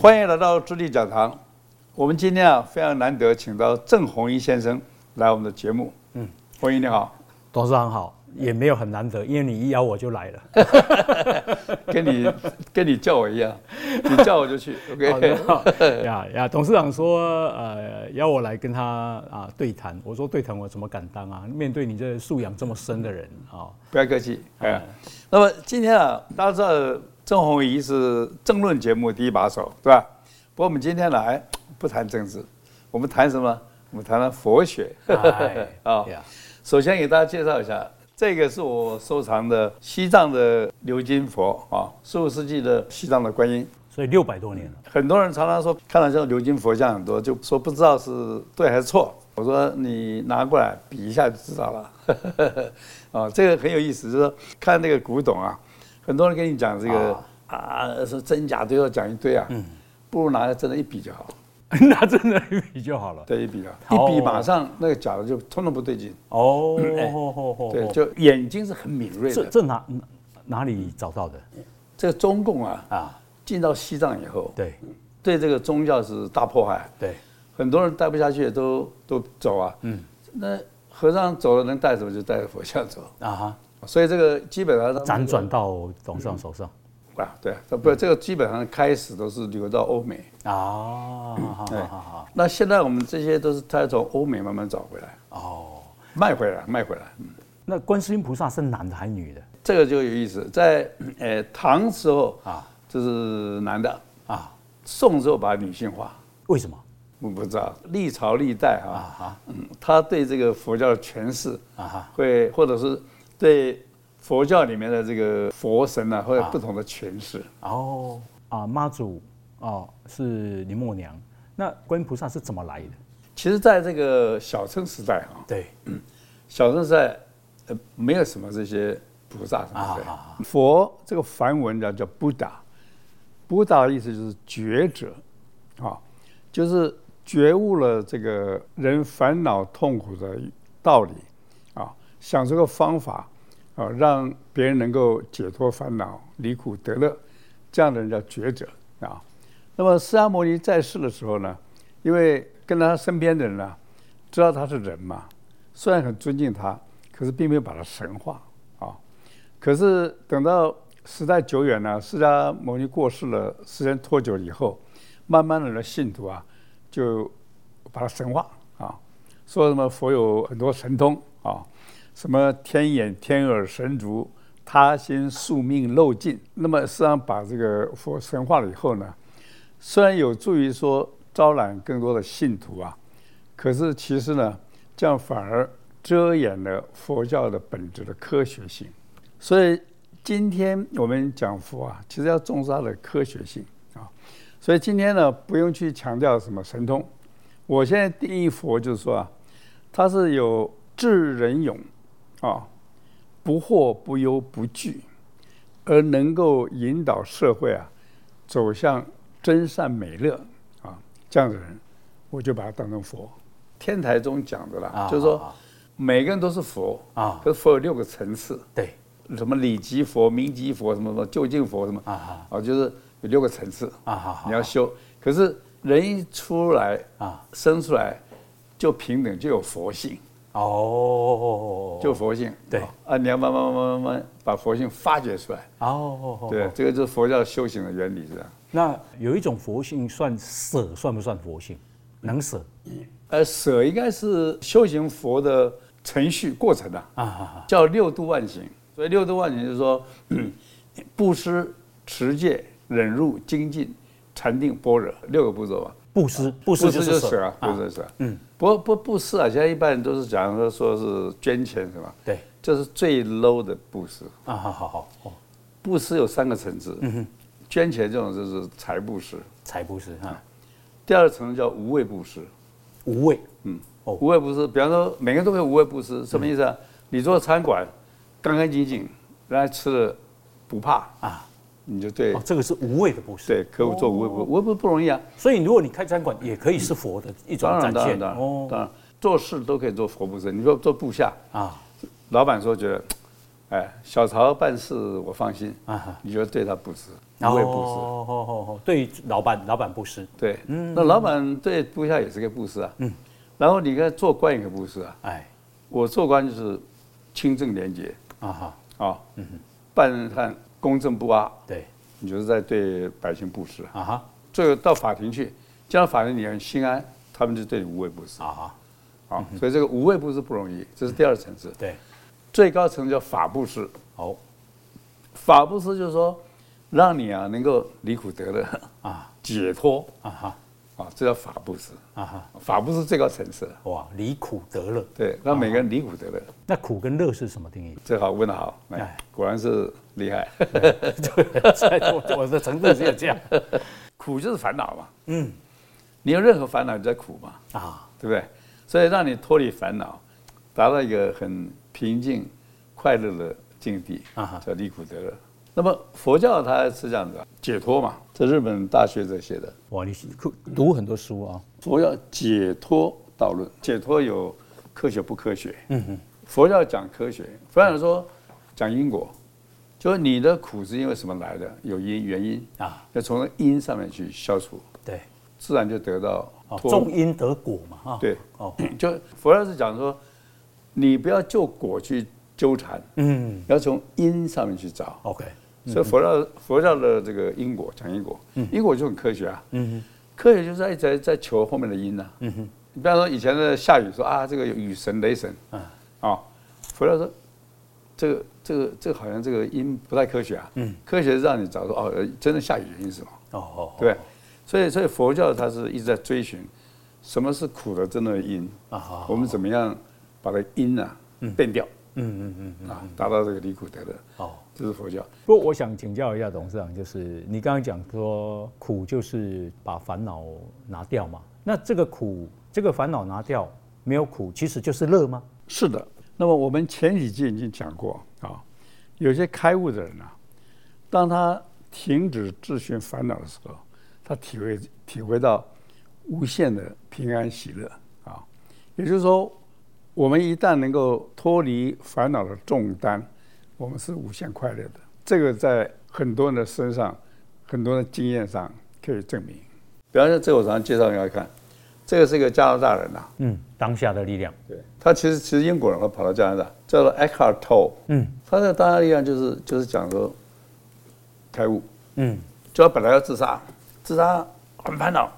歡迎來到知定講堂。我們今天啊，非常難得，請到鄭弘儀先生來我們的節目。嗯，弘儀你好，董事長好，也沒有很難得，因為你一邀我就來了 跟你跟你叫我一樣，你叫我就去。OK，好呀呀， oh, no, yeah, yeah, 董事長說呃，邀我來跟他啊對談。我說對談我怎麼敢當啊？面對你這素養這麼深的人啊，哦，不要客氣。哎呀， 那麼今天啊，大家知道。鄭弘儀是政論節目第一把手，是吧？不過我們今天來不談政治，我們談什麼？我們談談佛學、哎、對啊、哦。首先給大家介紹一下，這個是我收藏的西藏的鎏金佛啊，十、哦、五世紀的西藏的觀音，所以六百多年了。很多人常常說看到這個鎏金佛像很多，就說不知道是對還是錯。我說你拿過來比一下就知道了。啊、 哦，這個很有意思，就是說看那個古董啊。很多人跟你講這個、哦、啊，是真假都要講一堆啊，嗯，不如拿來真的一比就好， 拿真的一比就好了，對，一比啊，oh. 一比馬上那個假的就通通不對勁。哦、oh.，對，就眼睛是很敏銳的。這這哪哪裡找到的？這個中共啊啊，進到西藏以後，對，對這個宗教是大迫害，對，很多人待不下去都都走啊，嗯，那和尚走了能帶走就帶着佛像走啊哈。所以這個基本上輾轉、嗯、到董事長手上、嗯，啊，對，他不，這個基本上開始都是流到歐美啊，好好好。那現在我們這些都是他從歐美慢慢找回來，哦，賣回來，賣回來、嗯，那觀世音菩薩是男的還是女的？這個就有意思，在誒、欸、唐時候啊，就是男的啊，宋時候把女性化，為什麼？我不知道，歷朝歷代啊，啊，嗯，他對這個佛教的詮釋啊，會或者是。對佛教裡面的這個佛神啊，會有不同的詮釋。哦啊，媽祖啊是林默娘，那觀音菩薩是怎麼來的？其實，在這個小乘時代啊，對小乘時代呃，沒有什麼這些菩薩什麼的。佛這個梵文叫“布達”，“布達”的意思就是覺者啊，就是覺悟了這個人煩惱痛苦的道理。想出個方法，啊、哦，讓別人能夠解脫煩惱、離苦得樂，這樣的人叫覺者啊。那麼釋迦牟尼在世的時候呢，因為跟他身邊的人呢，知道他是人嘛，雖然很尊敬他，可是並沒有把他神化啊。可是等到時代久遠了，釋迦牟尼過世了，時間拖久了以後，慢慢的人信徒啊，就把他神化啊，說什麼佛有很多神通啊。什麼天眼天耳神足，他心宿命漏盡。那麼實際上把這個佛神化了以後呢，雖然有助於說招攬更多的信徒啊，可是其實呢，這樣反而遮掩了佛教的本質的科學性。所以今天我們講佛啊，其實要重視它的科學性啊。所以今天呢，不用去強調什麼神通。我現在定義佛就是說啊，它是有智、人勇。啊、哦，不惑不憂不懼，而能夠引導社會啊走向真善美樂啊、哦、這樣的人，我就把他當成佛。天台宗講的啦、啊，就是說、啊、每個人都是佛啊，可是佛有六個層次，對，什麼理即佛、名即佛，什麼什麼究竟佛，什麼啊啊，就是有六個層次啊啊，你要修、啊，可是人一出來啊生出來就平等，就有佛性。哦、oh,，就佛性對啊，你要慢慢慢慢慢慢把佛性發掘出來。哦、oh, oh,，oh, oh, oh. 對，這個就是佛教修行的原理，是吧？那有一種佛性，算捨算不算佛性？能捨，呃、嗯，捨應該是修行佛的程序過程啊。啊、oh, oh,，oh. 叫六度萬行。所以六度萬行就是說，布、嗯、施、持戒、忍辱、精進、禪定、般若六個步驟吧。布施，布施就是啊布施是、啊。嗯，不不，布施啊，現在一般人都是講說說是捐錢是吧？對，這、就是最 low 的布施。啊，好好好哦。布施有三個層次。嗯哼。捐錢這種就是財布施。財布施啊。第二層叫無畏布施。無畏。嗯。哦，無畏布施，比方說每個人都會無畏布施，什麼意思啊、嗯？你做餐館，乾乾淨淨，人家吃了不怕啊。你就對、哦，這個是無畏的布施。對，可不做無畏、哦、無畏不，不容易啊。所以，如果你開餐館，也可以是佛的一種展現。當然，當然，當然、哦，做事都可以做佛布施。你說做部下啊，老闆說覺得，哎，小曹辦事我放心。啊，你就對他布施、哦，無畏布施。哦、對老闆，老闆布施。對、嗯，那老闆對部下也是個布施啊。嗯，然後你看做官也是布施啊。哎，我做官就是清正廉潔。啊哈、啊、哦，嗯，辦辦。公正不阿，對你就是在對百姓布施啊哈。最後到法庭去，將法庭，你很心安，他們就對你無畏布施啊哈。好、嗯，所以這個無畏布施不容易，這是第二層次、嗯。對，最高層叫法布施。哦，法布施就是說，讓你啊能夠離苦得樂啊，解脫啊哈。啊、哦，這叫法布施啊！哈，法布施最高層次哇，離苦得樂。對，讓每個人離苦得樂、啊。那苦跟樂是什麼定義？最好問得好、哎，果然是厲害。對，我 我的層次只有這樣。苦就是煩惱嘛。嗯，你有任何煩惱，你在苦嘛。啊，對不對？所以讓你脫離煩惱，達到一個很平靜、快樂的境地啊，叫離苦得樂。那麼佛教它是這樣子、啊，解脫嘛。這日本大學者寫的。哇，你讀很多書啊。嗯、佛教解脫道論，解脫有科學不科學？嗯哼。佛教講科學，佛教說講因果，嗯、就是你的苦是因為什麼來的？有因原因啊，要從因上面去消除。對，自然就得到。種因得果嘛，哈、啊。對，哦，就佛教是講說，你不要就果去糾纏，嗯，要從因上面去找。OK。所以佛教，佛教的這個因果，講因果，因果就很科學啊，嗯、科學就是在在在求後面的因啊，你比方說以前的下雨說啊，這個有雨神雷神啊、嗯哦，佛教說這個這個這個好像這個因不太科學啊，嗯、科學讓你找到哦，真的下雨原因是什麼？哦，哦對，所以所以佛教它是一直在追尋什麼是苦的真的因啊、哦哦，我們怎麼樣把它因呢、啊？嗯變掉。嗯嗯嗯，嗯，嗯嗯，啊，達到這個離苦得樂，哦，這是佛教。不過，我想請教一下董事長，就是你剛剛講說苦就是把煩惱拿掉嘛？那這個苦，這個煩惱拿掉沒有苦，其實就是樂嗎？是的。那麼我們前幾集已經講過啊、哦，有些開悟的人呢、啊，當他停止自尋煩惱的時候，他體會體會到無限的平安喜樂啊、哦，也就是說。我們一旦能夠脫離煩惱的重擔，我們是無限快樂的。這個在很多人的身上、很多人的經驗上可以證明。比方說，這我常常介紹你來看，這個是一個加拿大人吶、啊。嗯。當下的力量。對。他其實其實英國人，他跑到加拿大，叫做 Eckhart Tolle。嗯。他這個當下的力量就是就是講說開悟。嗯。就他本來要自殺，自殺很煩惱，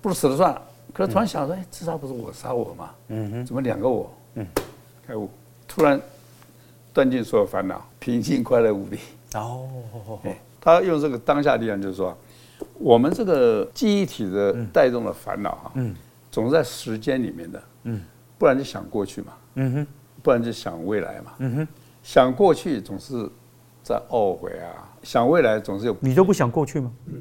不如死了算了。可是突然想說、嗯，哎，自殺不是我殺我嗎？嗯哼。怎麼兩個我？嗯，開悟，突然斷盡所有煩惱，平靜快樂無比哦、嗯，他用這個當下力量，就是說，我們這個記憶體的帶動的煩惱啊，嗯，嗯，總是在時間裡面的，嗯，不然就想過去嘛，嗯哼，不然就想未來嘛，嗯哼，想過去總是在懊悔啊，想未來總是有。你都不想過去嗎？嗯，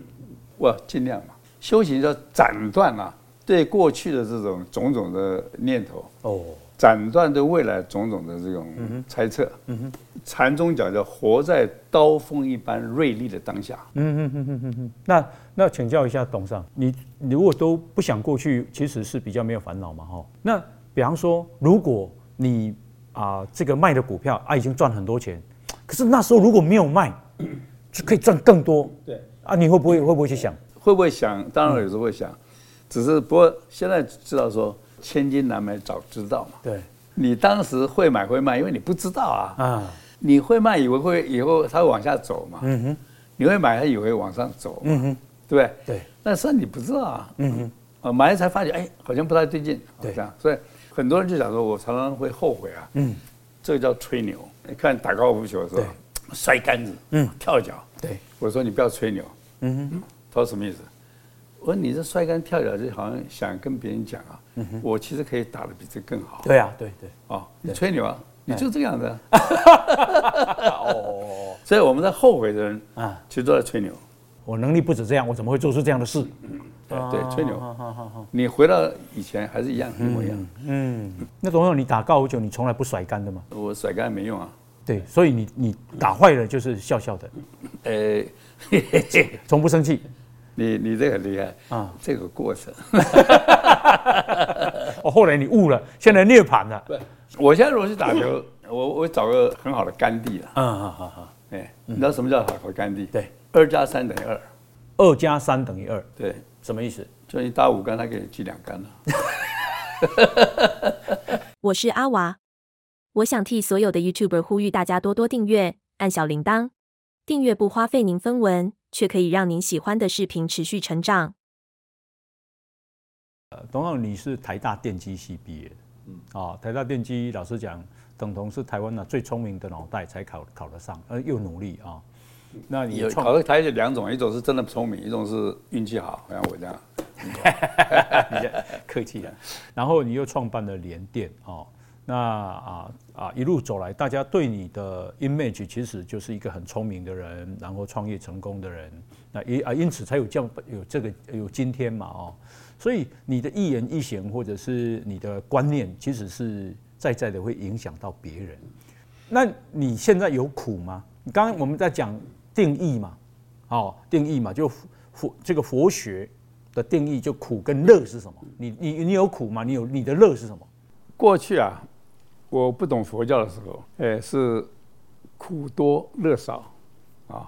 我盡量嘛，修行要斬斷啊，對過去的這種種種的念頭。哦。斬斷對未來種種的這種猜測。嗯哼，禪宗講叫活在刀鋒一般銳利的當下。嗯哼嗯哼哼哼，那那請教一下董上你，你如果都不想過去，其實是比較沒有煩惱嘛，哈。那比方說，如果你啊、呃、這個賣的股票啊已經賺很多錢，可是那時候如果沒有賣，就可以賺更多。對。啊，你會不會會不會去想？會不會想？當然有時候會想，嗯、只是不過現在知道說。千金難買早知道嘛，對，你當時會買會賣，因為你不知道啊，啊，你會賣，以為會以後它會往下走嘛，嗯哼，你會買，還以為往上走，嗯哼，對不對？對，但是你不知道啊，嗯哼，啊，買了才發覺，哎，好像不太對勁，對，所以很多人就想說，我常常會後悔啊，嗯，這個叫吹牛。你看打高爾夫球是吧，摔桿子，嗯，跳腳，對，我說你不要吹牛，嗯哼，嗯，他說什麼意思？我說你這摔竿跳腳，就好像想跟別人講啊、嗯，我其實可以打得比這更好。對啊，對對，哦，你吹牛啊？你就這樣的、啊？ 哦。所以我們在後悔的人啊，其實都在吹牛。我能力不止這樣，我怎麼會做出這樣的事？嗯嗯、對對，吹牛。好好好，你回到以前還是一樣一模一樣。嗯。嗯嗯，那董總你打高爾夫球，你從來不甩竿的嘛？我甩竿沒用啊。對，所以你你打壞了就是笑笑的，呃、欸，從 不生氣。你你這個厲害啊、嗯！這個過程，我、 哦、後來你悟了，現在涅槃了。對，我現在如果去打球，嗯、我我找個很好的乾地桿弟了。嗯好好好，哎、欸嗯，你知道什麼叫好桿弟？對，二加三等於二，二加三等於二。對，什麼意思？就你打五桿，他給你記兩桿了。 我是阿娃，我想替所有的 YouTuber 呼籲大家多多訂閱，按小鈴鐺，訂閱不花費您分文。卻可以讓您喜歡的視頻持續成長。呃、董總，你是台大電機系畢業的，嗯，哦、台大電機，老實講，等同是台灣的、啊、最聰明的腦袋才考考得上，呃，又努力啊、哦。那你創有考了台兩種，一種是真的聰明，一種是運氣好，像我這樣。 你這樣客氣了。 然後你又創辦了聯電，哦。那啊啊一路走來，大家對你的 image 其實就是一個很聰明的人，然後創業成功的人，那也啊因此才有這樣有這個有今天嘛，哦，所以你的一言一行或者是你的觀念，其實是在在的會影響到別人。那你現在有苦嗎？你剛剛我們在講定義嘛，哦定義嘛，就佛這個佛學的定義，就苦跟樂是什麼？你你你有苦嗎？你有你的樂是什麼？過去啊。我不懂佛教的時候，哎，是苦多樂少啊、哦。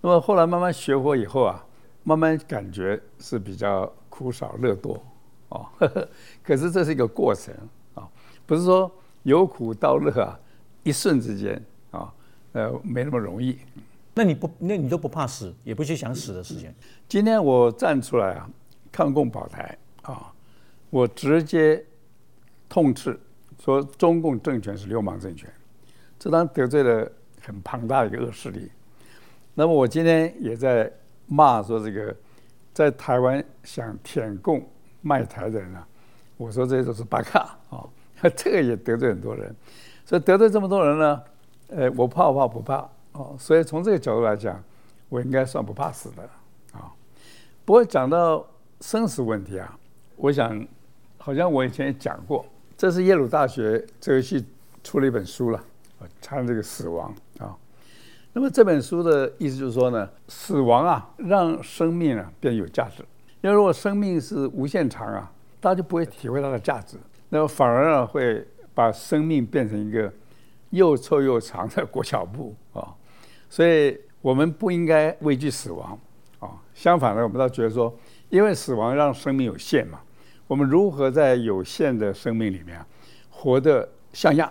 那麼後來慢慢學佛以後啊，慢慢感覺是比較苦少樂多啊、哦。可是這是一個過程啊、哦，不是說由苦到樂啊，一瞬之間啊、哦，呃，沒那麼容易。那你不，那你都不怕死，也不去想死的事情。今天我站出來啊，抗共保台啊、哦，我直接痛斥。說中共政權是流氓政權，這當得罪了很龐大的一個惡勢力。那麼我今天也在罵說這個在台灣想舔共賣台的人啊，我說這些都是八嘎啊，這個也得罪很多人。所以得罪這麼多人呢，呃、哎，我怕，我怕我不怕不怕哦。所以從這個角度來講，我應該算不怕死的啊、哦。不過講到生死問題啊，我想好像我以前也講過。這是耶魯大學哲學系出了一本書了，談這個死亡啊、哦。那麼這本書的意思就是說呢，死亡啊，讓生命啊變有價值。因為如果生命是無限長啊，大家就不會體會它的價值，那麼反而呢，會把生命變成一個又臭又長的裹腳布啊。所以，我們不應該畏懼死亡啊、哦。相反呢，我們倒覺得說，因為死亡讓生命有限嘛。我們如何在有限的生命裡面活得像樣？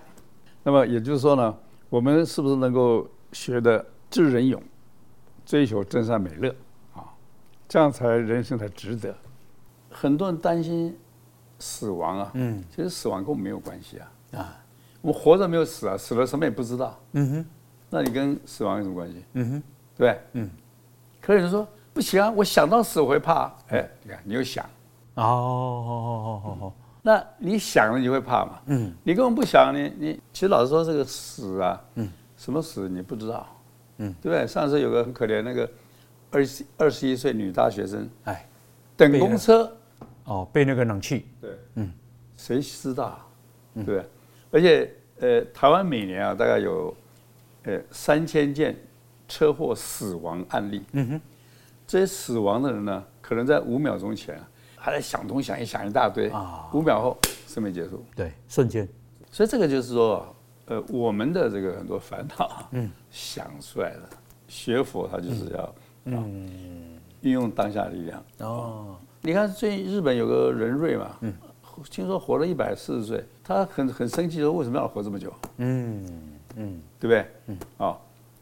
那麼也就是說呢，我們是不是能夠學得智仁勇，追求真善美樂啊？這樣才人生才值得。很多人擔心死亡啊，嗯，其實死亡跟我們沒有關係啊。啊，我們活着沒有死啊，死了什麼也不知道。嗯哼，那你跟死亡有什麼關係？嗯哼，對。嗯，可有人說不行啊，我想到死我會怕。哎，你看，你又想。哦，好好好好好，那你想了你會怕嘛？嗯，你根本不想你你。其實老實說，這個死啊，嗯，什麼死你不知道，嗯，對不對？上次有個很可憐的那個二十二十一歲女大學生，哎，等公車，哦，被那個冷氣，對，嗯，誰知道啊？對不對？嗯，而且呃，台灣每年啊大概有呃三千件車禍死亡案例，嗯哼，這些死亡的人呢，可能在五秒鐘前啊。還在想東想西，想一大堆，哦，五秒後，生命結束。對，瞬間。所以這個就是說，呃，我們的這個很多煩惱，嗯，想出來的。學佛他就是要，嗯，運、啊、用當下的力量。哦，你看最近日本有個人瑞嘛，嗯，聽說活了一百四十歲，他很很生氣說，為什麼要活這麼久？嗯嗯，對不對？嗯，哦，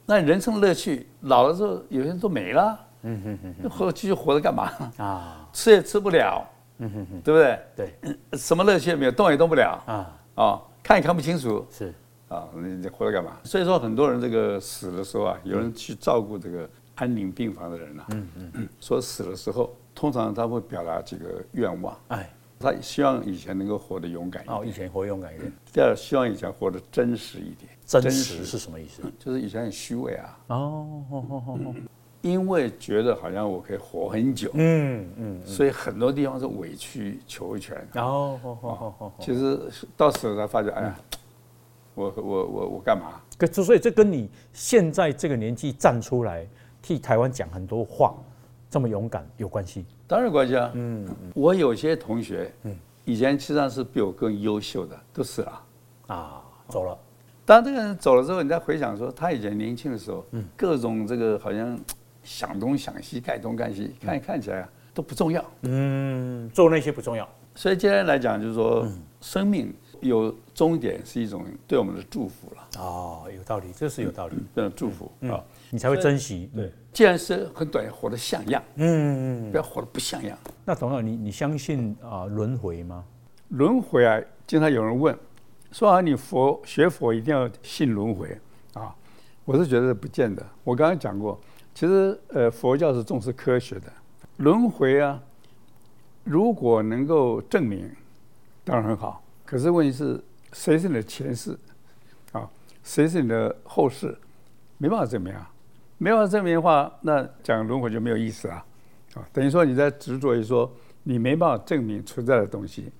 那人生樂趣老了之後，有些人都沒了。嗯哼哼哼，活繼續活着幹嘛啊、哦？吃也吃不了，嗯嗯，對不對？對，什麼樂趣也沒有，動也動不了啊啊、哦，看也看不清楚，是啊、哦，你活着幹嘛？所以說很多人這個死的時候啊，嗯、有人去照顧這個安寧病房的人啊嗯嗯嗯，說死的時候，通常他會表達幾個願望，哎，他希望以前能夠活得勇敢一點，哦，以前活勇敢一點，嗯、第二希望以前活得真實一點，真實，真實是什麼意思、嗯？就是以前很虛偽啊。哦哦哦。呵呵呵嗯因為覺得好像我可以活很久，嗯嗯，所以很多地方是委曲求全，啊，然、哦哦哦哦哦哦哦哦，其實到時候才發現、嗯、哎呀，我我我我幹嘛、啊？所以這跟你現在這個年紀站出來替台灣講很多話、嗯，這麼勇敢有關係？當然關係啊，嗯嗯，我有些同學，嗯，以前實際上是比我更優秀的都死了、啊，啊，走了。當、嗯、這個人走了之後，你再回想說，他以前年輕的時候，嗯，各種這個好像。想東想西，看東看西，看、嗯、看起來啊都不重要。嗯，做那些不重要。所以今天來講，就是說，嗯、生命有終點是一種對我們的祝福了。啊、哦，有道理，這是有道理。種、嗯、祝福啊、嗯嗯，你才會珍惜。對，既然是很短，活得像樣。嗯，不要活得不像樣。那董總，你你相信啊輪迴嗎？輪迴啊，經常有人問，說啊，你佛學佛一定要信輪迴啊？我是覺得不見得。我剛剛講過。其實，呃，佛教是重視科學的，輪迴啊，如果能夠證明，當然很好。可是問題是，誰是你的前世？啊，誰是你的後世？沒辦法證明啊，沒辦法證明的話，那講輪迴就沒有意思啊，啊，等於說你在執着於說你沒辦法證明存在的東西，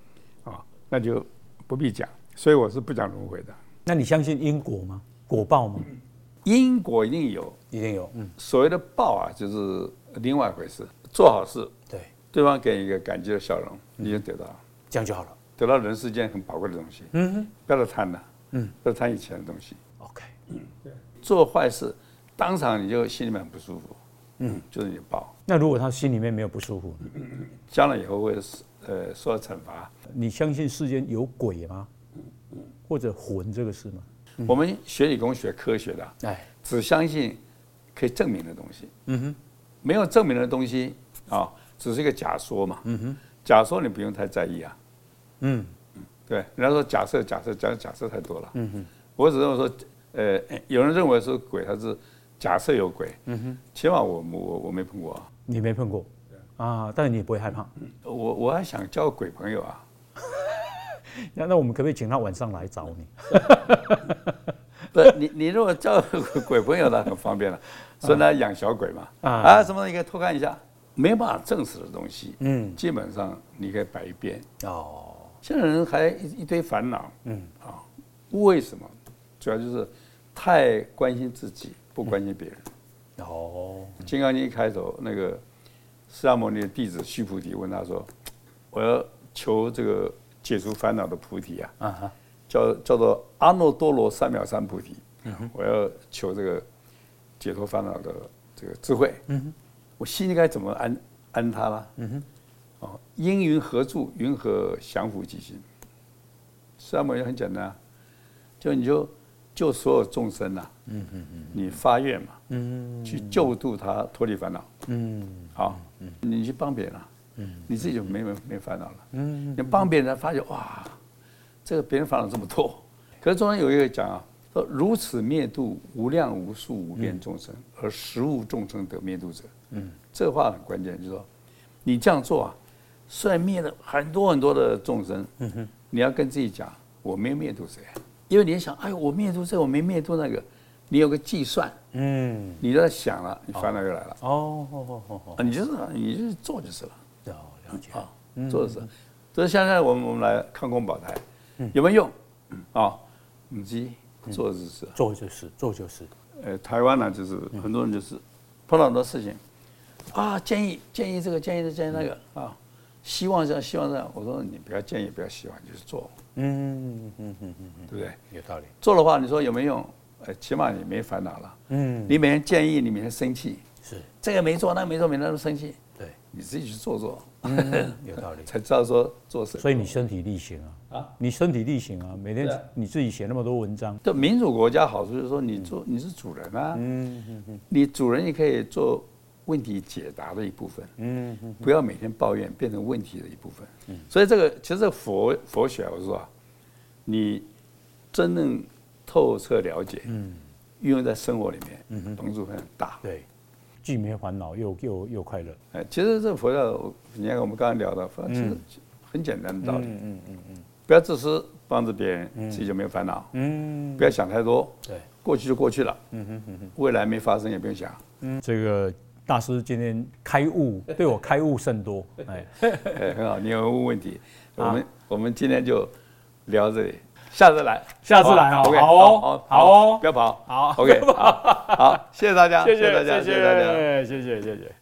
啊，那就不必講。所以我是不講輪迴的。那你相信因果嗎？果報嗎？嗯因果一定有，一定有。嗯，所謂的報啊，就是另外一回事。做好事，對，對方給你一個感激的笑容，嗯，你就得到了，這樣就好了。得到人世間很寶貴的東西。嗯哼，不要再貪了，啊。嗯，不要貪以前的東西。OK。嗯，對，做壞事，當場你就心裡面很不舒服。嗯，就是你報。那如果他心裡面沒有不舒服，咳咳，將來以後會呃受到懲罰。你相信世間有鬼嗎？或者魂這個事嗎？ 我們學理工學科學的，哎，只相信可以證明的東西。嗯哼，沒有證明的東西啊，只是一個假說嘛。嗯哼，假說你不用太在意啊。嗯嗯，對，人家說假設假設假設假設太多了。嗯哼，我只認為說，呃，有人認為是鬼，他是假設有鬼。嗯哼，起碼我我我沒碰過啊。你沒碰過？對啊。啊，但是你不會害怕？我我還想交個鬼朋友啊。那那我們可不可以請他晚上來找你 不是，你你如果叫鬼朋友，那很方便了。說他養小鬼嘛，啊，啊什麼東西可以偷看一下？沒有辦法證實的東西，嗯，基本上你可以擺一遍。哦，現在人還一,一堆煩惱，嗯，啊，為什麼？主要就是太關心自己，不關心別人。嗯，哦，《金剛經》一開頭，那個釋迦牟尼的弟子須菩提問他說：“我要求這個。”解除煩惱的菩提啊，啊叫叫做阿耨多羅三藐三菩提，嗯。我要求這個解脫煩惱的這個智慧。嗯，我心應該怎麼安安它了，嗯？哦，應云何住？云何降伏其心？三也很簡單，啊，就你就救所有眾生吶，啊嗯嗯。你發願嘛，嗯哼嗯哼，去救度他脫離煩惱。好，你去幫別人你自己就沒沒沒煩惱了。嗯，你幫別人，才發覺哇，這個別人煩惱這麼多。可是中間有一個講啊，說如此滅度無量無數無邊眾生，嗯，而實無眾生得滅度者。嗯，這個話很關鍵，就是說你這樣做啊，雖然滅了很多很多的眾生，嗯哼，你要跟自己講，我沒有滅度誰？因為你想，哎呦，我滅度這個，我沒滅度那個，你有個計算，嗯，你在想了，你煩惱就來了。哦哦哦哦，哦，你就是啊，你就是做就是了。啊、哦嗯，做就是，所以現在我們我們來看抗共保台，嗯，有沒有用？啊、哦、母、嗯、雞做就是、嗯，做就是，做就是。呃，台灣呢，就是、嗯、很多人就是、嗯、碰到很多事情，啊，建議建議這個建議、這個、建議那個、嗯、啊，希望這樣希望這樣。我說你不要建議不要希望，就是做。嗯嗯嗯嗯，對不對？有道理。做的話，你說有沒有用？呃、哎，起碼你沒煩惱了。嗯，你每天建議，你每天生氣，是這個沒做，那個沒做，每天都生氣。你自己去做做、嗯，有道理， 才知道說做什麼。所以你身體力行啊，啊，你身體力行啊，每天你自己寫那麼多文章。就民主國家好處就是說，你做、嗯、你是主人啊、嗯嗯嗯，你主人也可以做問題解答的一部分，嗯嗯，嗯，不要每天抱怨，變成問題的一部分。嗯、所以這個其實這個佛佛學，我說啊，你真正透徹了解，嗯，運用在生活裡面，幫助會很大，對。既沒煩惱，又又又快樂。哎，其實這個佛教，你看我們剛才聊的，佛教其實很簡單的道理。嗯嗯嗯嗯，不要自私，幫着別人，自己就沒有煩惱。嗯，不要想太多。對，過去就過去了。嗯哼哼哼，未來沒發生也不用想。嗯，這個大師今天開悟， 對我開悟甚多。哎，哎，很好，你有問問問題？啊？我們我們今天就聊這裡。.下次來，下次來啊、OK，好哦，好好，好、哦、不要跑，好，OK，好，好好 謝謝大家，謝謝大家，謝謝大家，謝謝，謝謝。謝謝。